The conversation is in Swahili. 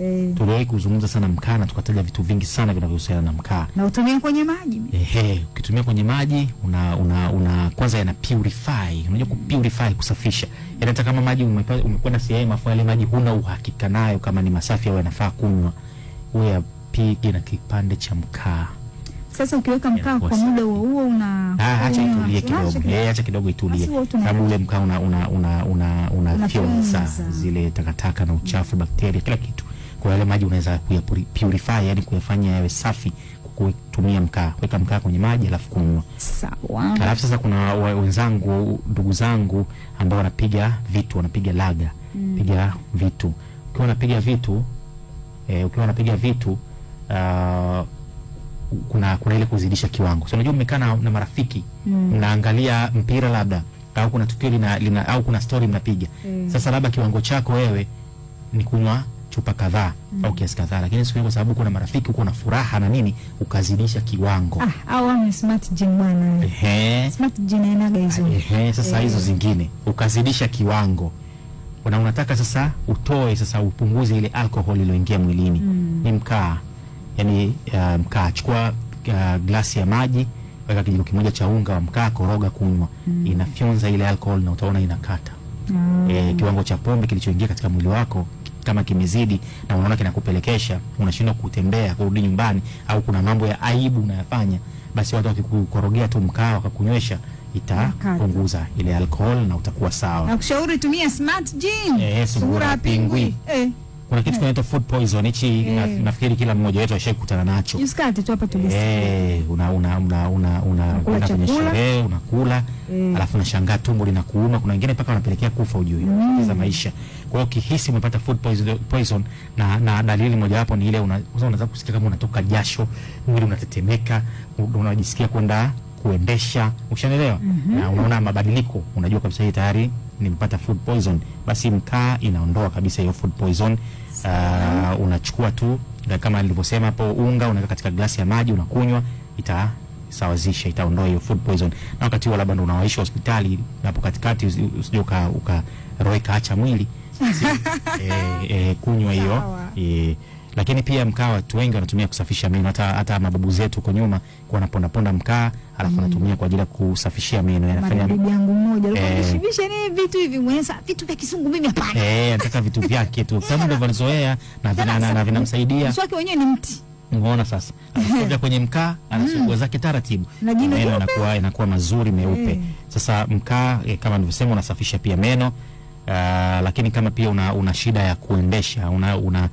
E. Tuliwahi kuzungumza sana mkaa na tukataja vitu vingi sana vinavyohusiana na mkaa. Na utumia kwenye maji. Ehe, ukitumia kwenye maji una, una, una kwanza yana purify. Unajua ku purify kusafisha. Yaani hata kama maji umekwenda sehemu afu yale maji huna uhakika nayo kama ni masafi au yanafaa kunywa. Wewe yapige na kipande cha mkaa. Sasa ukiweka mkaa kwa muda huo huo una ah, acha itulie kidogo. Eh, acha kidogo itulie. Sababu ule mkaa una una una una, una, una, una fionza zile takataka na uchafu, bakteria, kila kitu. Kwa yale maji unaweza kuyapurify, yani kuyafanya yawe safi kutumia mkaa. Weka mkaa kwenye maji alafu kunywa. Sawa. Alafu sasa kuna wenzangu, ndugu zangu ambao wanapiga vitu, wanapiga laga. Mm. Piga vitu. Ukiwa unapiga vitu, e, ukiwa unapiga vitu uh, kuna kuna ile kuzidisha kiwango. So unajua mmekaa na marafiki, mm. mnaangalia mpira labda au kuna tukio lina, lina au kuna story mnapiga. Mm. Sasa labda kiwango chako wewe ni kunywa chupa kadhaa mm. au kiasi kadhaa, lakini siku kwa sababu kuna marafiki uko na furaha na nini, ukazidisha kiwango. Ah, au ni smart gin mwana Ehe, smart gin ina hizo. Ehe, sasa hizo eh. zingine ukazidisha kiwango na unataka sasa utoe sasa upunguze ile alcohol iliyoingia mwilini mm. ni mkaa yani, uh, mkaa chukua uh, glasi ya maji weka kijiko kimoja cha unga wa mkaa, koroga, kunywa mm. inafyonza ile alcohol na utaona inakata mm. E, kiwango cha pombe kilichoingia katika mwili wako kama kimezidi na unaona kinakupelekesha unashindwa kutembea kurudi nyumbani, au kuna mambo ya aibu unayafanya, basi watu wakikukorogea tu mkaa wakakunywesha itapunguza ile alcohol na utakuwa sawa. Nakushauri tumia Smart Gin. Eh, sura pingwi. Eh kuna kitu eh. kinaitwa food poison hichi hey. Eh. Nafikiri kila mmoja wetu ashakutana nacho juzi tu hapa tulisikia hey, eh, una una una una unaenda kwenye sherehe unakula hey. Alafu unashangaa tumbo linakuuma, kuna wengine mpaka wanapelekea kufa ujui mm. za maisha. Kwa hiyo kihisi umepata food poison, poison na, na dalili mojawapo ni ile unaweza una, kusikia kama unatoka jasho, mwili unatetemeka, unajisikia kwenda kuendesha, ushanelewa mm -hmm. na unaona mabadiliko, unajua kabisa hii tayari nimepata food poison, basi mkaa inaondoa kabisa hiyo food poison. Uh, unachukua tu kama nilivyosema hapo, unga unaweka katika glasi ya maji, unakunywa ita sawazisha itaondoa hiyo food poison. Na wakati huo labda ndo unawaisha hospitali, hapo katikati usije uka ukaroeka acha mwili eh, eh, kunywa hiyo eh, lakini pia mkaa watu wengi wanatumia kusafisha meno, hata hata mababu zetu huko nyuma kwa ponda mkaa alafu anatumia mm. kwa ajili ya kusafishia meno. Yanafanya bibi yangu mmoja alikuwa eh. anishibisha eh, nini vitu hivi mwenza vitu vya kisungu mimi hapana, eh nataka vitu vyake tu sababu ndio valizoea na vinana na vinamsaidia. Mswaki wenyewe ni mti Unaona sasa, anakuja kwenye mkaa anasugua mm. zake taratibu, na meno yanakuwa yanakuwa mazuri meupe. E. Sasa mkaa e, kama nilivyosema unasafisha pia meno uh, lakini kama pia una, una shida ya kuendesha una, una